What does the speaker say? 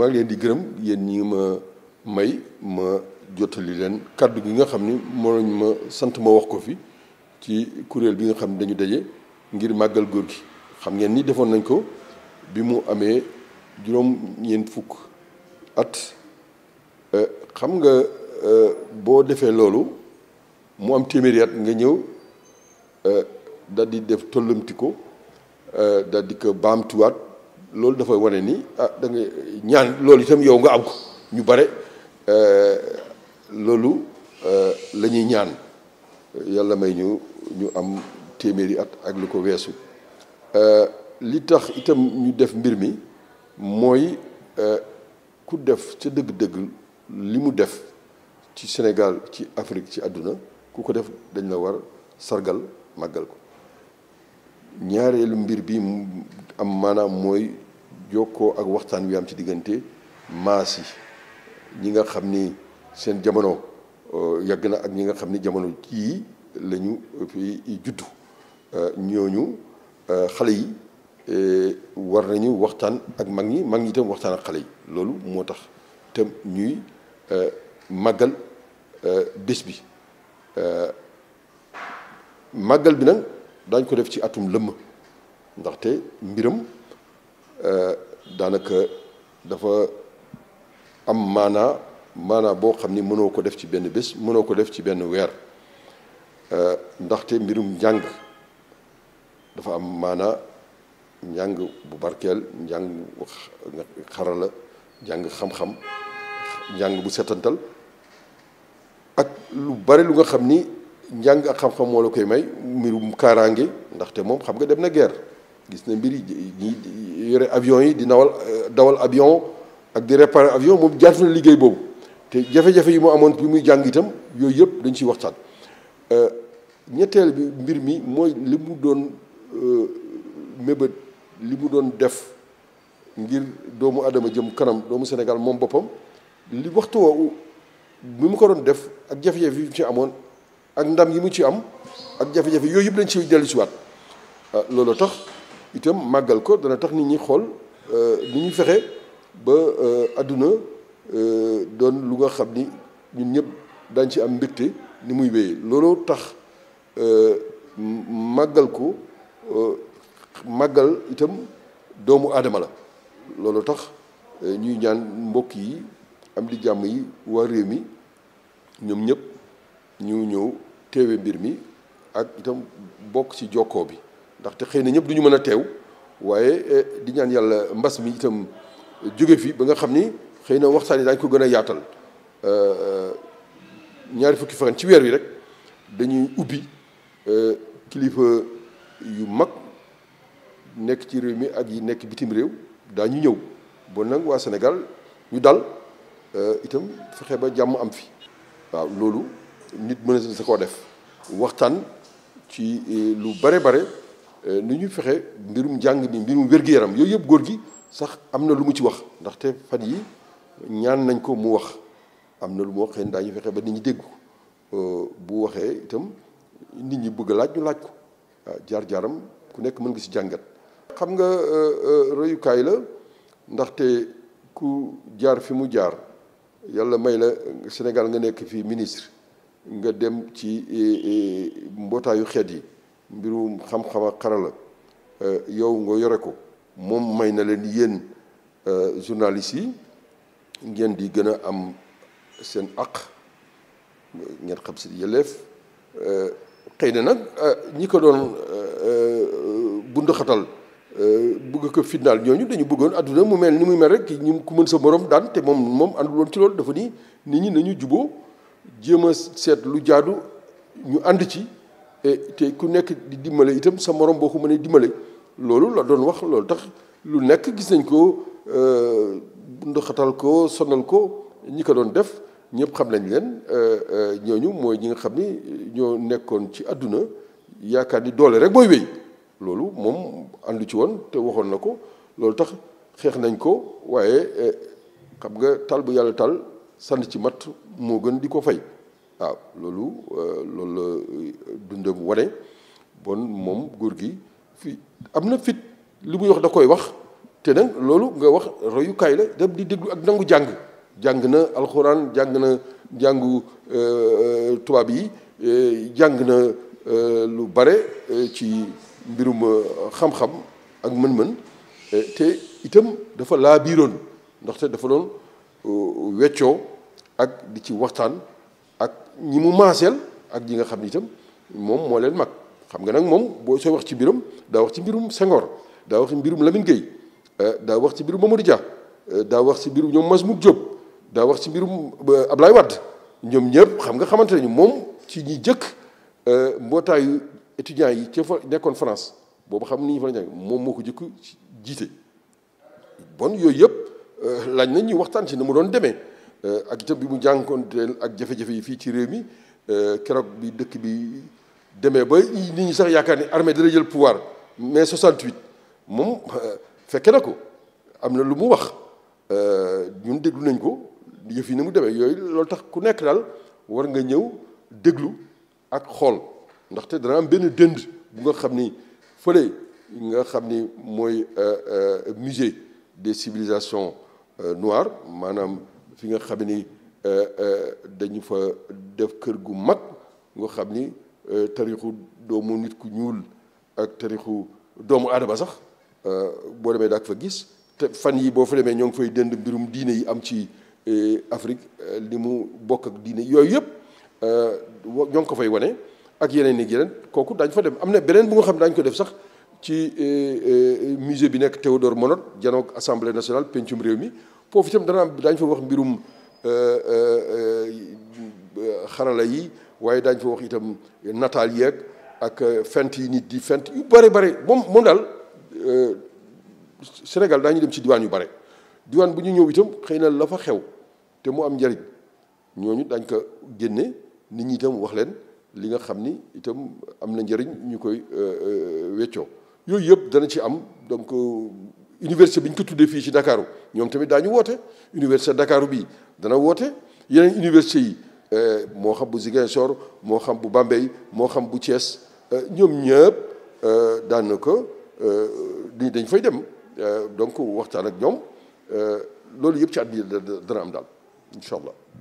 maa leen di gërëm yéen ñi ma may ma jottali leen kàddu gi nga xam ni moo ma sant ma wax ko fi ci kuréel bi nga xam ne dañu daje ngir màggal góor gi xam ngeen ni defoon nañ ko bi mu amee juróom ñeent fukk at euh, nga euh, boo defee loolu mu am téeméeri at nga ñëw euh, dal di def tollamti ko dal di ko baamtuwaat loolu dafay wane ni ah da ñaan loolu itam yow nga am ko ñu bare euh, loolu euh, la ñuy ñaan yàlla may ñu ñu am téeméeri at ak lu ko weesu euh, li tax itam ñu def mbir mi mooy ku def ca dëgg-dëgg li mu def ci Sénégal ci Afrique ci àdduna ku ko def dañ la war sargal màggal ko ñaareelu mbir bi am maanaam mooy jokkoo ak waxtaan wi am ci diggante maas yi ñi nga xam ni seen jamono euh, yàgg na ak ñi nga xam ni jamono jii lañu ñu fi juddu euh, ñooñu euh, xale yi war nañu waxtaan ak mag ñi mag ñi itam waxtaan ak xale yi loolu moo tax itam ñuy màggal bés bi màggal bi nag daañ ko def ci atum lëmm ndaxte mbiram Euh, daanaka dafa am maanaa maanaa boo xam ni mënoo ko def ci benn bés mënoo ko def ci benn weer euh, ndaxte mbirum njàng dafa am maanaa njàng bu barkeel njàng xarala njàng xam-xam njàng bu setantal ak lu bare lu nga xam ni njàng ak xam-xam moo koy may mbirum kaaraange ndaxte moom xam nga dem na guerre gis na mbir yi yore avion yi di nawal euh, dawal avion ak di réparer avion moom jaar na liggéey boobu te jafe-jafe yi mu amoon bi muy jàng itam yooyu yëpp dañ ciy waxtaan euh, ñetteel bi mbir mi mooy li mu doon euh, mébét li mu doon def ngir doomu Adama jëm kanam doomu Sénégal moom boppam li waxtu woowu bi mu ko doon def ak jafe-jafe yi mu ci amoon ak ndam yi mu ci am ak jafe-jafe yooyu yëpp dañ ci dellu si loolu tax itam màggal ko dana tax ni ñi xool euh, ni ñu fexe ba euh, àdduna euh, doon lu nga xam ni ñun ñëpp dañ ci am mbégte ni muy wéyee looloo tax màggal ko màggal itam doomu aadama la loolu tax ñuy ñaan mbokk yi am di jàmm yi waa réew mi ñoom ñëpp ñu ñëw teewe mbir mi ak itam bokk ci jokkoo bi ndaxte xëy na ñëpp duñu mën a teew waaye eh, di ñaan yàlla mbas mi itam jóge fi ba nga xam ni xëy na waxtaan yi daañu ko gën a yaatal euh, euh, ñaari fukki fan ci weer wi rek dañuy ubbi euh, kilifa yu mag nekk ci réew mi ak yi nekk bitim réew daañu ñëw bon nag waa senegal ñu dal itam fexe ba jàmm am fi waaw loolu nit mën na sa koo def waxtaan ci eh, lu bare bare Euh, nu ñu fexe mbirum njàng mi mbirum wér-gu-yaram yooyu yëpp góor gi sax am na lu mu ci wax ndaxte fan yi ñaan nañ ko mu wax am na lu mu wax xëy na daañu fexe ba nit ñi dégg ko euh, bu waxee itam nit ñi bëgg laaj ñu laaj ko waaw jaar-jaaram ku nekk mën nga si jàngat xam nga euh, royukaay la ndaxte ku jaar fi mu jaar yàlla may la Sénégal nga nekk fi ministre nga dem ci eh, eh, mbootaayu xeet yi mbirum xam-xam ak xarala euh, yow nga yore ko moom may na leen yéen euh, journalistes yi ngeen di gën a am seen aq ngeen xam si yëleef euh, xëy na nag ñi ko doon bunduxatal bëgg ko fitnaal ñooñu dañu bëggoon adduna mu mel ni muy mel rek ñu ku mën sa morom daan te moom moom àndul woon ci loolu dafa ni nit ñi nañu juboo jéem a seet lu jaadu ñu ànd ci te ku nekk di dimbale itam sa morom boo ko mënee dimbale loolu la doon wax loolu tax lu nekk gis nañ ko euh, ndoxatal ko sonal ko ñi ko doon def ñëpp xam nañ leen euh, euh, ñooñu mooy ñi nga xam ni ñoo nekkoon ci àdduna yaakaar ni doole rek mooy wéy loolu moom àndu ci woon te waxoon na ko loolu tax xeex nañ ko waaye xam nga tal bu yàlla tal sànni ci mat moo gën di ko fay. waaw ah, loolu euh, loolu la euh, dundam wane bon moom góor gi fi am na fit li muy wax da koy wax te nag loolu nga wax royukaay la dem di déglu ak nangu jàng jàng na alxuraan jàng na jàngu euh, tubaab yi jàng na lu bare ci mbirum xam-xam ak mën-mën te itam dafa biiroon ndaxte dafa doon weccoo ak di ci waxtaan ak ñi mu maaseel ak ñi nga xam ni itam moom moo leen mag xam nga nag moom boo soo wax ci mbiram daa wax ci mbirum sengoor daa wax ci mbirum Lamine Gueye euh, daa wax ci mbirum Mamadou Dia euh, daa wax ci mbirum ñoom Masmoud Diop daa wax ci mbirum euh, Ablaye Wade ñoom ñëpp xam nga xamante nañu moom ci ñi jëkk mbootaayu étudiants yi ca fa nekkoon France boobu xam ni ñu fa moom moo ko jëkk jiite bon yooyu yëpp laaj nañ ñuy waxtaan ci na mu doon demee Euh, ak itam bi mu jànkoonteel ak jafe-jafe yi fii ci réew mi euh, keroog bi dëkk bi demee ba nit ñi sax yaakaar ni armée dina jël pouvoir mais 68 moom euh, fekke na ko am na lu mu wax ñun déglu nañ ko yëf yi ni mu demee yooyu loolu tax ku nekk daal war nga ñëw déglu ak xool ndaxte dana am benn dënd bu nga xam ni fële nga xam ni mooy musée des civilisations noires maanaam fi nga xam ni euh, euh, dañu fa def kër gu mag nga xam ni euh, tarixu doomu nit ku ñuul ak tarixu doomu aadama sax boo demee daak fa gis te fan yi boo fa demee ñoo ngi fay dënd mbirum diine yi am ci Afrique li mu bokk ak diine yooyu yëpp ñoo ngi ko fay wone ak yeneen ak yeneen kooku daañ fa dem am na beneen bu nga xam ne daañu ko def sax ci musée bi nekk Théodore Monod janook assemblée nationale pencum réew mi foofu itam dana am daañu fa wax mbirum euh, euh, euh, xarala yi waaye daañu fa wax itam nataal yeeg ak fent yi nit di fent yu bare bare moom moom daal Sénégal daañu dem ci diwaan yu bare diwaan bu ñu ñëw itam xëy na la fa xew te mu am njariñ ñooñu dañ ko génne nit ñi itam wax leen li nga xam ni itam am na njariñ ñu koy weccoo yooyu yëpp dana ci am donc université bi ñu ko tuddee fii ci Dakar ñoom tamit daañu woote université Dakar bii dana woote yeneen université yi euh, moo xam bu Ziguinchor moo xam bu Bambey moo xam bu Thiès euh, ñoom ñëpp euh, daanaka ni dañ fay dem donc waxtaan ak ñoom loolu yëpp ci at bi dana am daal incha allah.